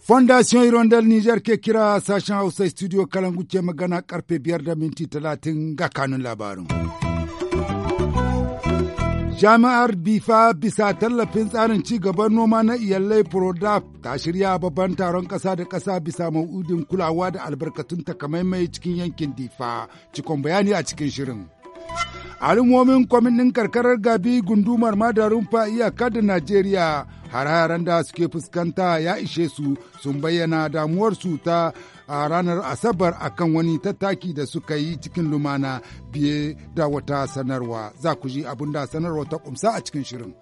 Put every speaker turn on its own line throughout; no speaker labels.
Fondation Hirondel Niger ke kira sashen Hausa studio Kalangu ce magana karpe biyar minti talatin ga labarum Jami'ar Bifa bisa tallafin tsarin ci gaban noma na iyalai Prodap ta shirya babban taron ƙasa da ƙasa bisa ma'udin kulawa da albarkatun takamaimai cikin yankin Difa, cikon bayani a cikin shirin. Alimomin kwamitin karkarar Gabi gundumar madarin fa iyaka da Najeriya har-haren da suke fuskanta ya ishe su sun bayyana damuwarsu ta a ranar Asabar a kan wani tattaki da suka yi cikin lumana biye da wata sanarwa. Za ku ji abin da sanarwa ta kumsa a cikin shirin.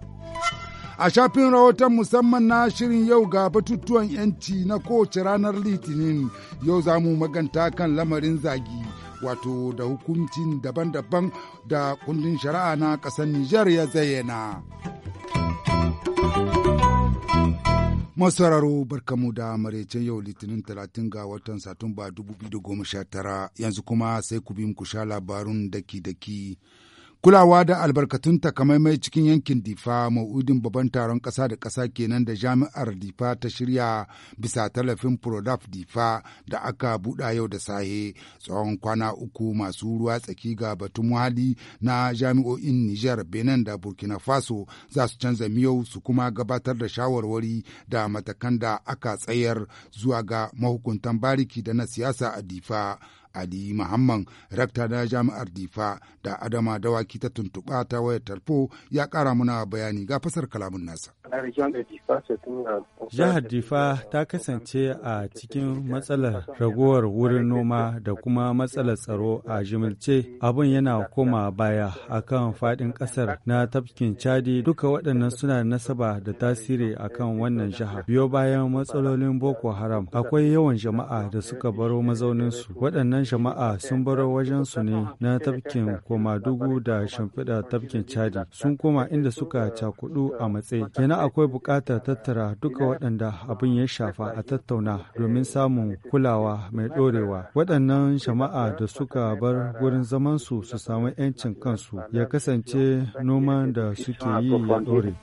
A shafin rahoton musamman na shirin yau ga batutuwan 'yanci na kowace ranar Litinin yau za mu maganta kan lamarin zagi wato da hukuncin daban-daban da kundin shari'a na ƙasar Nijar ya zayyana. Masararo barkamu da maraicen yau litinin talatin ga watan Satumba 2019 yanzu kuma sai ku bi mu sha labarun daki-daki. Kulawa da albarkatun takamaiman cikin yankin Difa ma'udin babban taron ƙasa da ƙasa kenan da jami'ar Difa ta shirya bisa talafin Prodaf Difa da aka buɗa yau da sahe tsawon kwana uku masu ruwa tsaki ga batun muhalli na jami'o'in niger Benin da Burkina Faso za su canza miyau su kuma gabatar da shawarwari da matakan da aka tsayar zuwa ga mahukuntan bariki da na siyasa a Difa. Ali Muhammad rakta na jami'ar Difa da Adama Dawaki ta tuntuɓa ta wayar tarfo ya ƙara muna bayani ga fasar kalamun nasa. Jihar Difa ta kasance a cikin matsalar
ragowar wurin noma da kuma matsalar tsaro a jimilce abin yana koma baya akan faɗin ƙasar na tafkin Chadi duka waɗannan suna nasaba da tasiri akan wannan jihar. Biyo bayan matsalolin Boko Haram akwai yawan jama'a da suka baro mazauninsu waɗannan jama'a sun baro wajen su ne na tafkin koma dugu da shimfiɗa tafkin Chadi sun koma inda suka cakudu a matsayi. Kenan akwai buƙatar tattara duka waɗanda abin ya shafa a tattauna domin samun kulawa mai ɗorewa. Waɗannan jama'a da suka bar gurin zamansu su samu 'yancin kansu ya kasance noman da suke yi ya ɗore.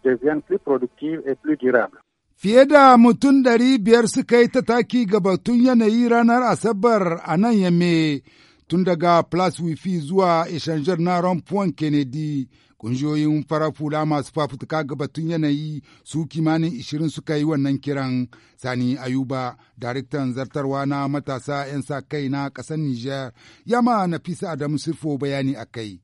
Fiye da mutum ɗari biyar suka yi tataki ga batun yanayi ranar Asabar a nan yamme tun daga Place Wifi zuwa Ishanjar na Rampuan Kennedy. Ƙungiyoyin farar masu fafutuka ga batun yanayi su kimanin ishirin suka yi wannan kiran. Sani Ayuba, daraktan zartarwa na matasa 'yan sa kai na ƙasar Nijar, yama fisa Adamu Sirfo bayani a kai.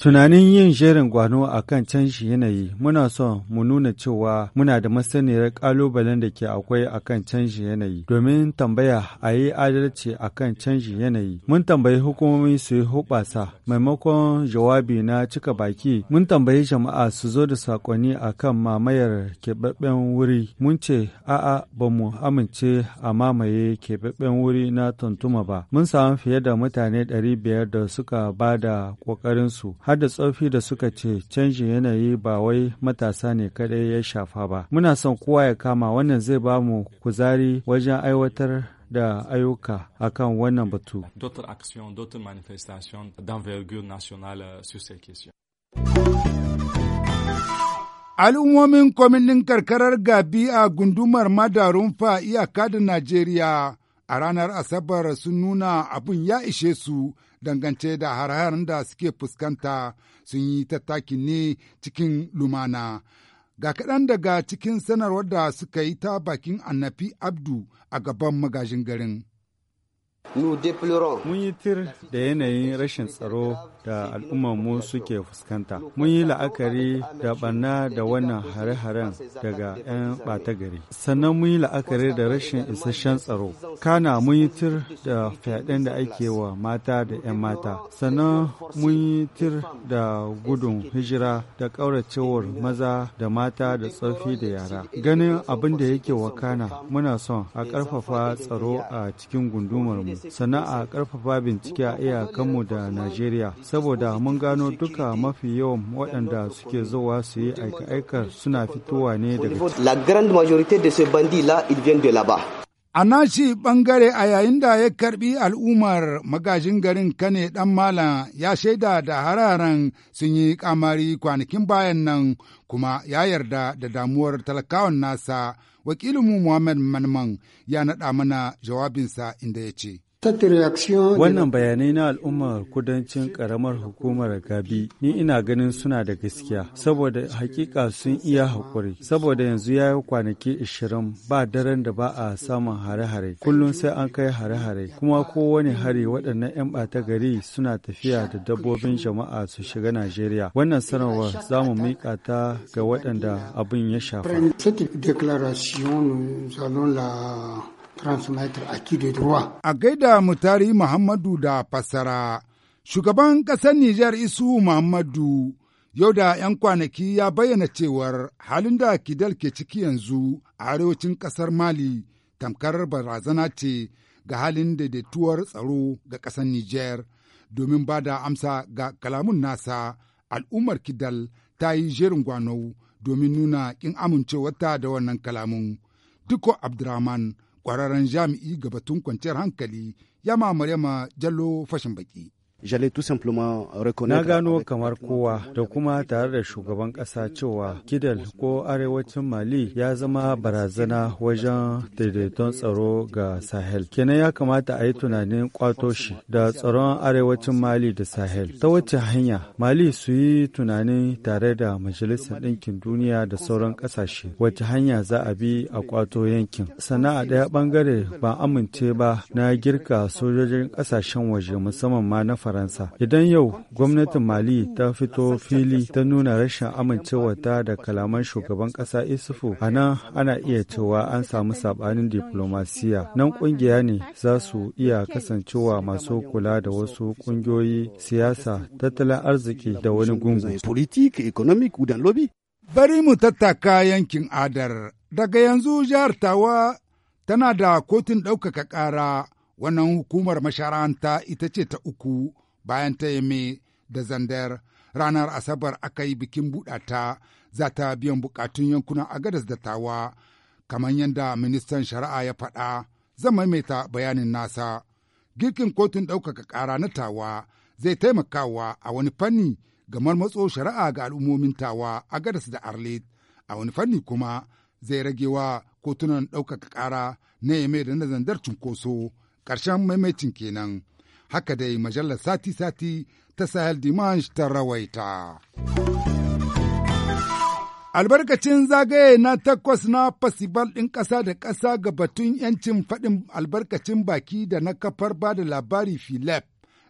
Tunanin yin jerin gwano a kan canshi yanayi, muna son mu nuna cewa muna da masaniyar ƙalubalen da ke akwai a kan canshi yanayi, domin tambaya a yi adalci a kan canshi yanayi. Mun tambayi hukumomi su yi hubasa maimakon jawabi na cika baki, mun tambayi jama'a su zo da saƙonni a kan mamayar keɓaɓɓen wuri. Mun ce, a'a ba mu amince a mamaye keɓaɓɓen wuri na tuntuma ba. Mun samu fiye da mutane ɗari biyar da suka ba ba da ƙoƙarinsu har da tsofi da suka ce canjin yanayi ba wai matasa ne kadai ya shafa ba. Muna son kowa ya kama wannan zai ba mu kuzari wajen aiwatar da ayyuka akan wannan batu.
Euh,
Al'ummomin kwamitin karkarar Gabi a gundumar Madarunfa iyaka da Najeriya a ranar Asabar sun nuna abin ya ishe su dangance da harayar da suke fuskanta sun yi tattaki ne cikin lumana. Ga kaɗan daga cikin sanarwar da suka yi ta bakin annafi Abdu a gaban magajin garin. Mun yi tir
da yanayin rashin tsaro da al'ummarmu suke fuskanta. Mun yi la'akari da banna da wannan hare-haren daga 'yan ɓata gari. Sannan mun yi la'akari da rashin isasshen tsaro. Kana mun yi tir da fyaɗen da ake wa mata da 'yan mata. Sannan mun yi tir da gudun hijira da ƙauracewar maza da mata da tsofi da yara. Ganin abin da yake wa kana, muna son a ƙarfafa tsaro a cikin gundumarmu. sana'a karfafa bincike a iyakanmu da Najeriya saboda mun gano duka mafi yawan waɗanda suke zuwa su yi aika-aikar suna fitowa ne daga La grande
majorité de de là
A nashi bangare a yayin da ya karɓi al'ummar magajin garin Kane ɗan Malam ya shaida da hararan sun yi kamari kwanakin bayan nan kuma ya yarda da damuwar talakawan nasa wakilinmu Muhammad Manman ya naɗa mana jawabinsa inda ya ce. Wannan
bayanai na al'ummar kudancin karamar hukumar Gabi ni ina ganin suna da gaskiya saboda hakika sun iya haƙuri saboda yanzu ya yi kwanaki ishirin ba daren da ba a samun hare-hare kullum sai an kai hare-hare kuma kowane hari waɗannan 'yan ɓata gari suna tafiya da dabbobin jama'a su shiga Najeriya. Wannan sanarwar za mu miƙa ta ga waɗanda abin ya shafa.
transmitter a ruwa. A gaida mutari Muhammadu da fassara, shugaban ƙasar Nijar Isu Muhammadu yau da 'yan kwanaki ya bayyana cewar halin da Kidal ke ciki yanzu a arewacin ƙasar Mali tamkar barazana ce ga halin daidaituwar tsaro ga ƙasar Nijar domin ba da amsa ga kalamun nasa al'ummar Kidal ta yi jerin gwanau domin nuna ƙin amincewarta da wannan kalamun. Duko Abdurrahman ƙwararren jami'i ga batun kwanciyar hankali ya mamare ma Jallo fashin baki.
Na gano kamar kowa da kuma tare da shugaban ƙasa cewa Kidal ko arewacin Mali ya zama barazana wajen daidaiton tsaro ga Sahel. Kenan ya kamata a yi tunanin kwato shi da tsaron arewacin Mali da Sahel. Ta wacce hanya Mali su yi tunanin tare da Majalisar Ɗinkin Duniya da sauran ƙasashe wacce hanya za a bi a kwato yankin. a ɗaya ɓangare ba amince ba na girka sojojin ƙasashen waje musamman ma na Faransa. Idan yau gwamnatin Mali ta fito fili ta nuna rashin amincewa ta da kalaman shugaban ƙasa Isufu, a nan ana iya cewa an samu saɓanin diplomasiya. Nan ƙungiya ne za su iya kasancewa masu kula da wasu ƙungiyoyi siyasa,
tattalin arziki da wani gungu. Bari mu tattaka yankin adar, daga yanzu jihar Tawa tana da kotun ɗaukaka ƙara, wannan hukumar masharanta ita ce ta uku bayan ta yame da zandar ranar asabar aka yi bikin buɗata za ta biyan bukatun yankunan agadas da tawa kamar yadda ministan shari'a ya faɗa zan maimaita bayanin nasa girkin kotun ɗaukaka ƙara na tawa zai taimakawa a wani fanni gamar matso shari'a ga al'ummomin tawa agadas da arlet a wani fanni kuma zai rage wa kotunan ɗaukaka ƙara na yame da na zandar cunkoso ƙarshen maimaitin kenan. haka dai majalar sati-sati ta Sahel Dimanche ta rawaita. Albarkacin zagaye na takwas na fasibal ɗin ƙasa da ƙasa ga batun ‘yancin faɗin albarkacin baki da na kafar ba da labari Philip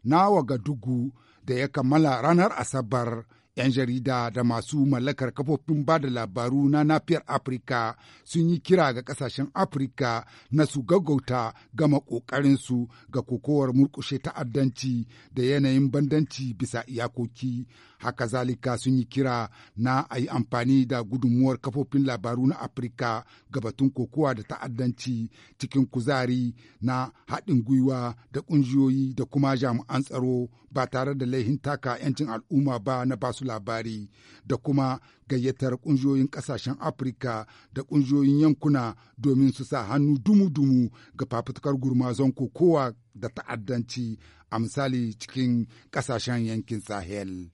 na Wagadugu da ya kammala ranar Asabar 'Yan jarida da masu mallakar kafofin ba da labaru na nafiyar Afirka sun yi kira ga ƙasashen Afirka na su gaggauta gama ƙoƙarinsu ga kokowar murƙushe ta'addanci da yanayin bandanci bisa iyakoki. Haka zalika sun yi kira na a yi amfani da gudunmuwar kafofin labaru na Afirka ga batun kokowa da ta'addanci cikin kuzari na haɗin gwiwa da ƙungiyoyi da kuma jami'an tsaro ba tare da laihin taka 'yancin al'umma ba na basu labari da kuma gayyatar ƙungiyoyin ƙasashen Afirka da ƙungiyoyin yankuna domin su sa hannu dumu-dumu ga fafutukar gurmazon kokowa da ta'addanci a misali cikin ƙasashen yankin Sahel.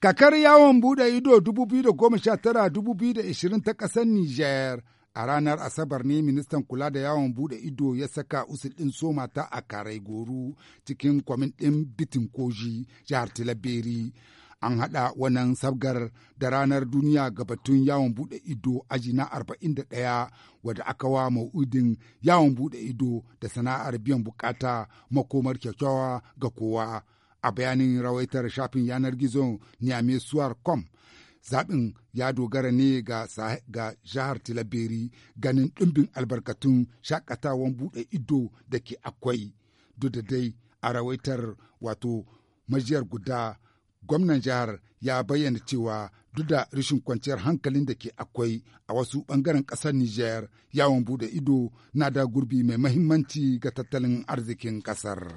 Kakar yawon buɗe ido 2019-2020 ta ƙasar niger A ranar Asabar ne ministan kula da yawon bude ido ya saka usul ɗin soma ta a karai goro cikin kwamin bitin koji jihar Tilaberi. an haɗa wannan sabgar da ranar duniya ga batun yawon buɗe ido aji na 41 wadda aka wa ma'udin yawon buɗe ido da sana'ar biyan bukata makomar kyakkyawa ga kowa a bayanin rawaitar shafin yanar gizon kom zaɓin ya dogara ne ga, jihar tilaberi ganin ɗimbin albarkatun shakatawan buɗe ido da ke akwai duk da dai a rawaitar wato majiyar guda gwamnan jihar ya bayyana cewa duk da rashin kwanciyar hankalin da ke akwai a wasu ɓangaren ƙasar Nijar yawon bude ido na da gurbi mai mahimmanci ga tattalin arzikin ƙasar.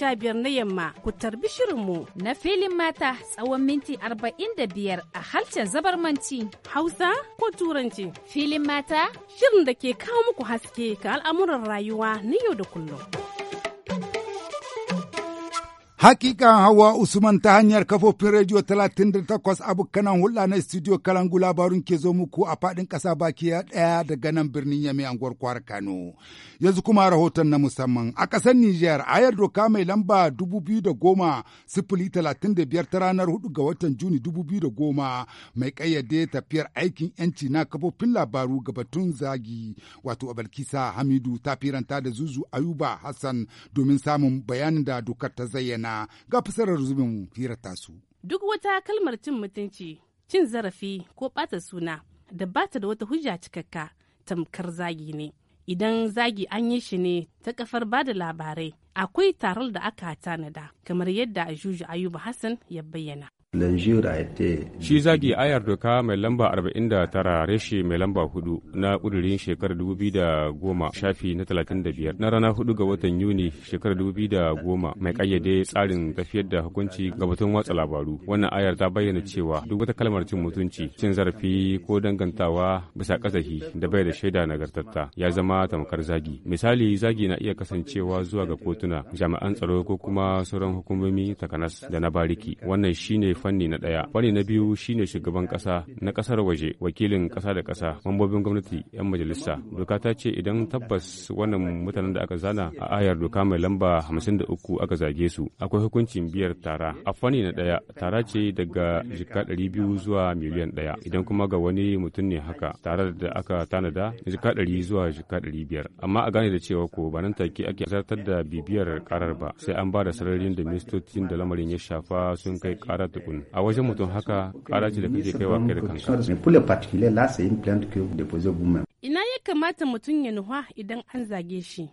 sha na yamma ku tarbi shirinmu. Na filin mata tsawon minti arba'in da biyar a harshen zabarmanci. Hausa ko Turanci. Filin mata. Shirin da ke kawo muku haske ga al'amuran rayuwa na yau da kullum.
Hakikan Hawa Usman ta hanyar kafofin rediyo 38 abokanan hulɗa na studio Kalangu labarun ke zo muku a faɗin ƙasa baki ɗaya daga nan birnin Yami anguwar kwar Kano. Yanzu kuma rahoton na musamman a ƙasar Nijar ayar doka mai lamba 2010-35 ta ranar 4 ga watan Juni 2010 mai ƙayyade tafiyar aikin yanci na kafofin labaru ga batun zagi wato Abalkisa Hamidu ta firanta da Zuzu Ayuba Hassan domin samun bayanin da dokar ta zayyana. na ga fasarar zubin hirar tasu.
Duk wata kalmar cin mutunci, cin zarafi ko ɓata suna da bata da wata hujja cikakka tamkar zagi ne. Idan zagi an yi shi ne ta kafar ba da labarai akwai taron da aka tanada kamar yadda Ajuju Ayuba Hassan ya bayyana.
Shi zagi ayar doka mai lamba 49 reshe mai lamba 4 na ƙudurin shekarar 2010 shafi na 35 na rana 4 ga watan Yuni shekarar 2010 mai ƙayyade tsarin tafiyar da hukunci ga batun watsa labaru. Wannan ayar ta bayyana cewa duk wata kalmar cin mutunci, cin zarafi ko dangantawa bisa kasahi da bai da shaida nagartatta ya zama tamkar zagi. Misali zagi na iya kasancewa zuwa ga kotuna, jami'an tsaro ko kuma sauran hukumomi takanas da na bariki. Wannan shine fanni na ɗaya fanni na biyu shine shugaban ƙasa na ƙasar waje wakilin ƙasa da ƙasa mambobin gwamnati 'yan majalisa doka ta ce idan tabbas wannan mutanen da aka zana a ayar doka mai lamba uku aka zage su akwai hukuncin biyar tara a fanni na ɗaya tara ce daga jika 200 zuwa miliyan ɗaya idan kuma ga wani mutum ne haka tara da aka tanada jika 100 zuwa jika 500 amma a gane da cewa ko ba nan take ake zartar da bibiyar karar ba sai an ba da sararin da ministocin da lamarin ya shafa sun kai karar da a wajen mutum haka ƙara ce da kake kaiwa kai da kanka
Ina ya kamata mutum ya nuha idan an zage shi?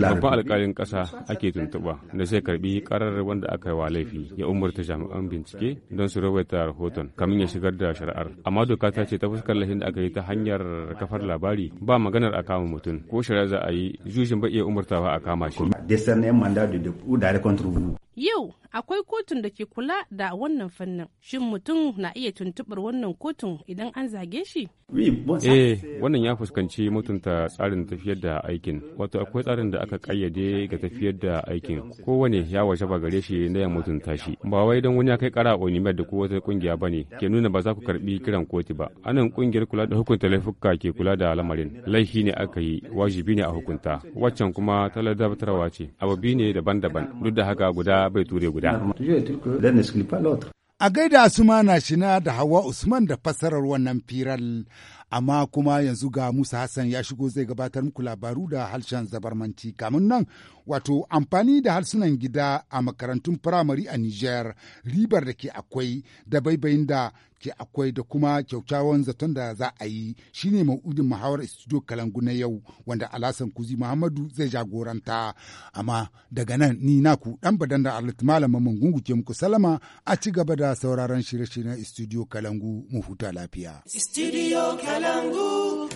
babba alkalin ƙasa ake tuntuɓa da sai karɓi ƙarar wanda aka yi wa laifi ya umarta jami'an bincike don su rawaita rahoton kamin ya shigar da shari'ar. Amma doka ta ce ta fuskar lahin da aka yi ta hanyar kafar labari ba maganar a kama mutum ko shari'a za a yi jujin ba iya umartawa a kama shi.
Yau akwai kotun da ke kula da wannan fannin. Shin mutum na iya tuntuɓar wannan kotun idan an zage shi?
Eh, Wannan ya fuskanci mutunta tsarin tafiyar da aikin. Wato akwai tsarin da aka kayyade ga tafiyar da aikin. Kowane ya washe ba gare shi na ya mutunta shi. Ba wai don wani ya kai kara Onimed da ko wata kungiya ba ne ke nuna ba za ku karbi kiran koti ba. Anan kungiyar kula da hukunta laifuka ke kula da lamarin. Laifi ne aka yi, wajibi ne a hukunta. Waccan kuma taladabtarwa ce. Ababi ne daban-daban. Duk da haka guda bai ture guda.
A gaida Asuma na shina da Hawa Usman da fassarar wannan firar. amma kuma yanzu ga Musa Hassan ya shigo zai gabatar muku labaru da harshen zabarmanci kamun nan wato amfani da harsunan gida a makarantun firamare a Nijar ribar da ke akwai da baibayin da ke akwai da kuma kyaukyawan zaton da za a yi shine ma'udin muhawar studio kalangu na yau wanda alasan kuzi muhammadu zai jagoranta amma daga nan ni naku dan badan da arlit malamin mungungu ke muku salama a ci gaba da sauraron shirye-shiryen studio kalangu mu huta lafiya
studio
kalangu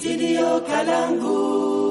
Studio Kalangu.